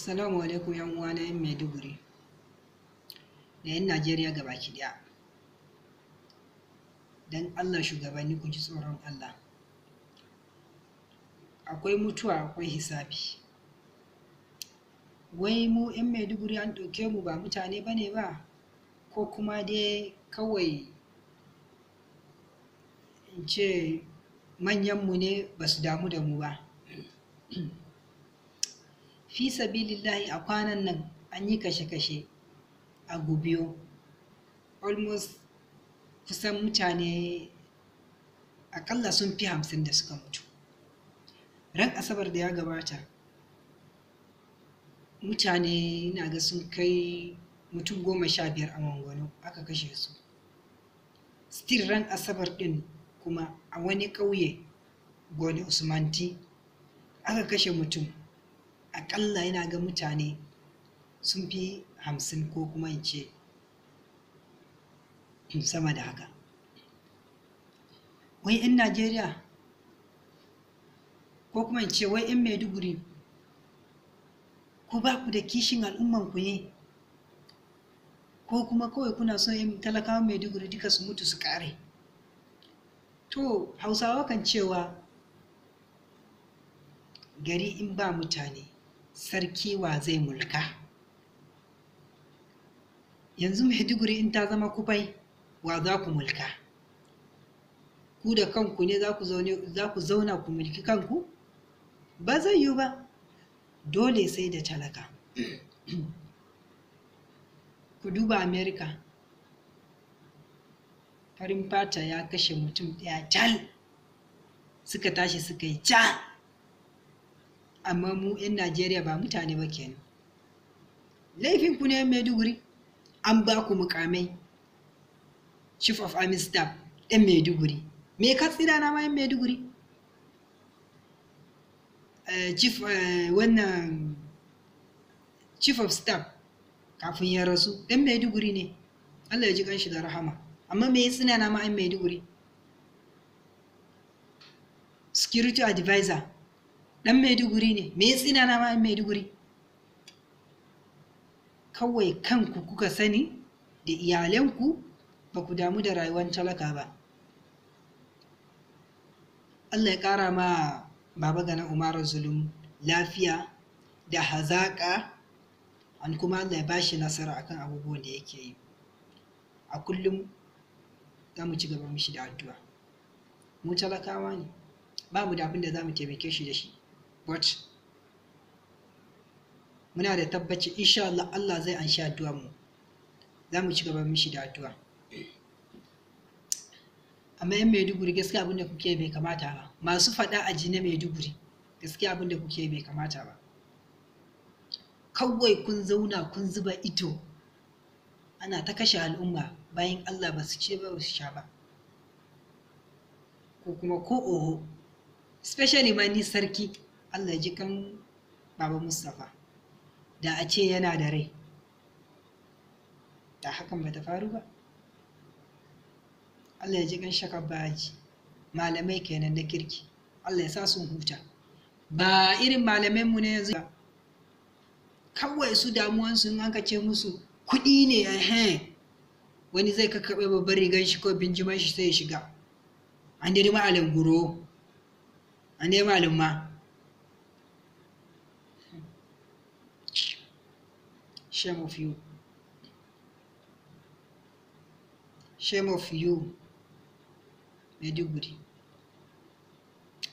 Salamu alaikum yan uwa na Maiduguri da yan Najeriya gabaki daya. Dan Allah shugabanni ku ji tsoron Allah. Akwai mutuwa akwai hisabi. Wai mu yan Maiduguri an ɗauke mu ba mutane ba ne ba ko kuma dai kawai in ce manyanmu ne ba su damu da mu ba. fi sabilillahi a kwanan nan an yi kashe-kashe a gubiyo almost kusan mutane akalla sun fi hamsin da suka mutu ran asabar da ya gabata mutane na ga sun kai mutum goma sha biyar a mangwano aka kashe su still ran asabar din kuma a wani ƙauye gwani usmanti aka kashe mutum aƙalla yana ga mutane sun fi hamsin ko kuma in ce sama da haka wai in najeriya ko kuma in ce wai in maiduguri ko ba ku da kishin al'umman ku ne ko kuma kawai kuna son yin talakawan maiduguri duka su mutu su kare to hausawa kan cewa gari in ba mutane sarki wa zai mulka yanzu maiduguri in ta zama kufai wa za ku mulka ku da kanku ne za ku zauna ku mulki kanku ba zai yiwu ba dole sai da talaka ku duba amerika farin fata ya kashe mutum ɗaya tal suka tashi suka yi ca amma mu 'yan najeriya ba mutane ba kenan laifin ku ne maiduguri an ba ku mukamai chief of army staff ɗan maiduguri me ka tsira na ma yan maiduguri eh, chief eh, wannan chief of staff kafin ya rasu ɗan maiduguri ne allah ya ji shi da rahama amma me ya tsina na ma yan maiduguri security advisor Ɗan maiduguri ne me tsina na ma maiduguri kawai kanku kuka sani da iyalanku ba ku damu da rayuwar talaka ba allah ya ƙara ma baba gana Umar zulum lafiya da hazaƙa an kuma allah ya bashi nasara akan abubuwan da yake yi a kullum za mu ci gaba mishi da addu'a mu talakawa ne ba mu da abin da za mu taimake shi da shi muna da tabbaci insha Allah Allah zai anshi addu'a mu za mu ci gaba mishi da addu'a amma yan maiduguri gaskiya abinda kuke bai kamata ba masu faɗa a na maiduguri gaskiya abinda kuke bai kamata ba kawai kun zauna kun zuba Ito. ana ta kashe al'umma bayan allah ba su ce ba su sha ba ko kuma ko oho especially ma ni sarki allah ji kan baba mustapha da a ce yana da rai da hakan ba ta faru ba allah ya ji kan shakar baji malamai kenan na kirki allah ya sa sun huta ba irin mu ne yanzu ba kawai su damuwansu in an ce musu kuɗi ne ehen wani zai kakkaɓe babbar rigar shi ko binjiman shi sai ya shiga an dai malam guro an dai malam ma shame of you shame of you maiduguri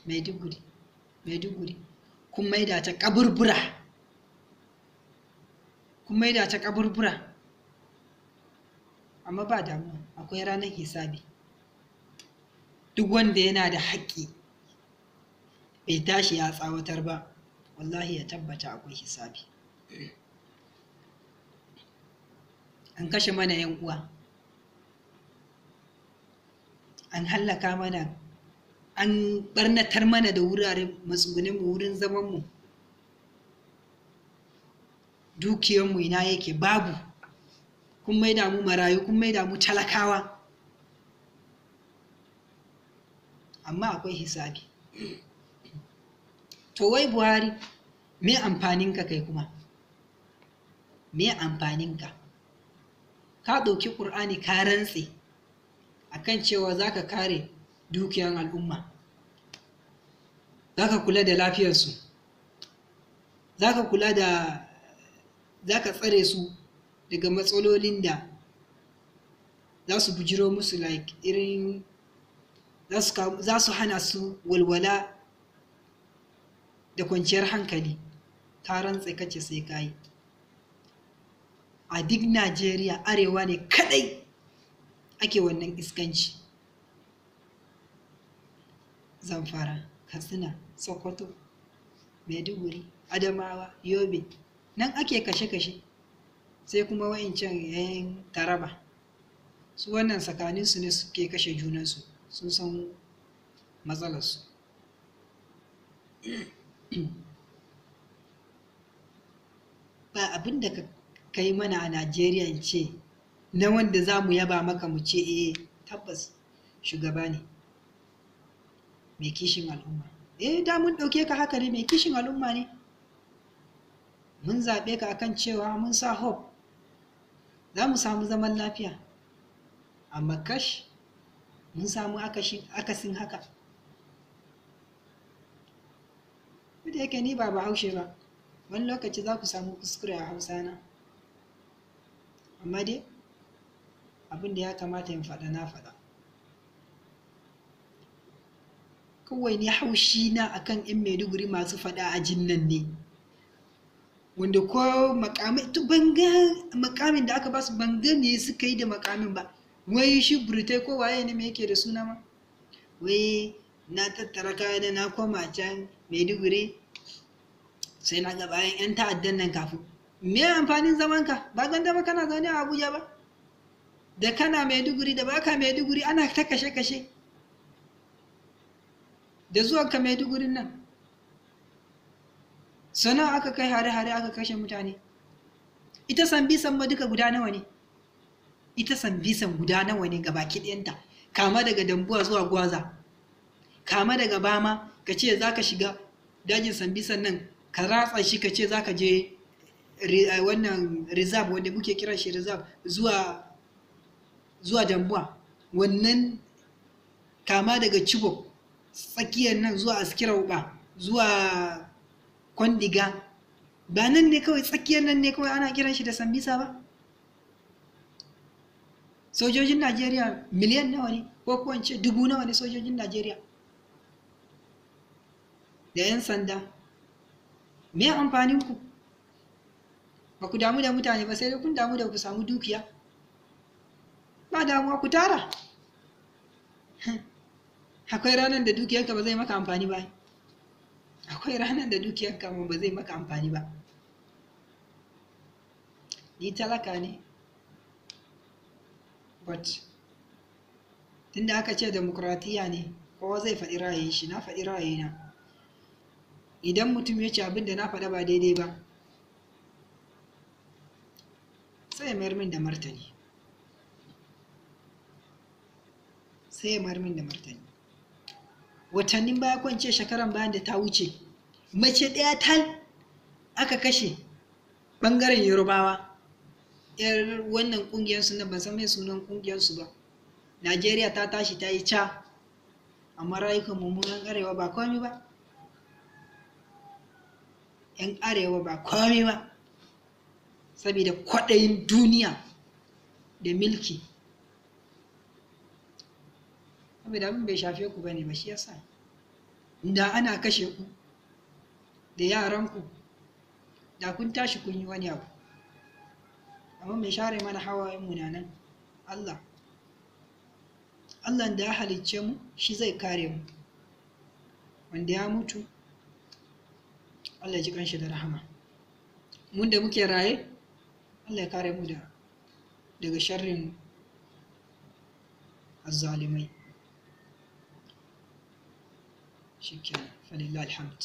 maiduguri maiduguri kun maida ta kaburbura kun maida ta kaburbura amma ba damuwa akwai ranar hisabi duk wanda yana da haƙƙi bai tashi ya tsawatar ba wallahi ya tabbata akwai hisabi an kashe mana yan uwa an hallaka mana an barnatar mana da wuraren mu wurin zamanmu dukiyarmu ina yake babu kun maida mu marayu kun maida mu talakawa amma akwai hisabi to wai buhari me amfaninka kai kuma me amfaninka ka ɗauki ƙur'ani ka rantse a kan cewa za ka kare dukiyan al'umma za ka kula da lafiyarsu za ka kula da za ka tsare su daga matsalolin da za su bujiro musu like irin za su hana su walwala da kwanciyar hankali ka rantse kace sai ka yi a duk najeriya arewa ne kadai ake wannan iskanci zamfara katsina sokoto maiduguri adamawa yobe nan ake kashe-kashe sai kuma wa'incan yayin taraba su wannan tsakaninsu ne suke kashe junansu sun san matsalarsu ba abinda da ka ka yi mana a Najeriya ce na wanda za mu yaba maka mu ce eh tabbas shugaba ne mai kishin al'umma eh da mun ɗauke ka haka ne mai kishin al'umma ne mun zaɓe ka akan cewa mun sa hope za mu samu zaman lafiya amma kash mun samu akasin haka da yake ni ba ba haushe ba wani lokaci za ku samu kuskure a hausa na amma dai abin da ya kamata in faɗa na faɗa kawai ne haushi na akan 'yan maiduguri masu faɗa a jinnan ne wanda ko makamin da aka basu banga ne suka yi da makamin ba wai shi burtai ko waye ne mai yake da suna ma wai na tattara kayana na koma can maiduguri sai na ga bayan 'yan ta'addan nan kafin me amfanin zamanka ba ganda ba kana zaune a abuja ba da kana maiduguri da baka maiduguri ana ta kashe-kashe da zuwanka maidugurin nan sana aka kai hare-hare aka kashe mutane ita sambisan ma duka guda nawa ne ita sambisan guda nawa ne ga baki ta? kama daga dambuwa zuwa gwaza kama daga bama ka ce za ka shiga dajin sambisan nan ka ratsa shi ka ce za ka je Eh, wannan reserve wanda muke kira shi reserve zuwa zuwa jambuwa wannan kama daga cibo tsakiyar nan zuwa askira uba zuwa kwandiga ba nan ne kawai tsakiyar nan ne kawai ana kiran shi da sambisa ba sojojin najeriya miliyan nawa ne ko kuwance dubu nawa ne sojojin najeriya da 'yan sanda me amfaninku ba ku damu da mutane ba sai kun damu da ku samu dukiya ba damuwa ku tara akwai ranar da dukiyarka ba zai maka amfani ba akwai ranar da dukiyanka ba zai maka amfani ba ni talaka ne but tunda aka ce demokratiya ne kowa zai faɗi ra'ayin shi na faɗi ra'ayina idan mutum ya ce abin da na faɗa ba daidai ba sai ya mayar min da martani sai ya mayar min da martani watannin baya kwance shekaran bayan da ta wuce mace ɗaya tal aka kashe ɓangaren yorubawa yar wannan ƙungiyarsu na ban san mai sunan ƙungiyarsu ba najeriya ta tashi ta yi ca amma rayuka mummunan arewa ba komi ba 'yan arewa ba komi ba saboda kwaɗayin duniya da milki saboda abin bai shafe ku bane ba shi yasa da ana kashe ku da yaranku da kun tashi kun yi wani abu amma mai share mana hawayen munanan Allah Allah da ya halicce mu shi zai kare mu wanda ya mutu Allah ya ji kanshi da rahama mun da muke raye Allah ya kare mu da daga sharrin azzalimai shikenan falillahi alhamd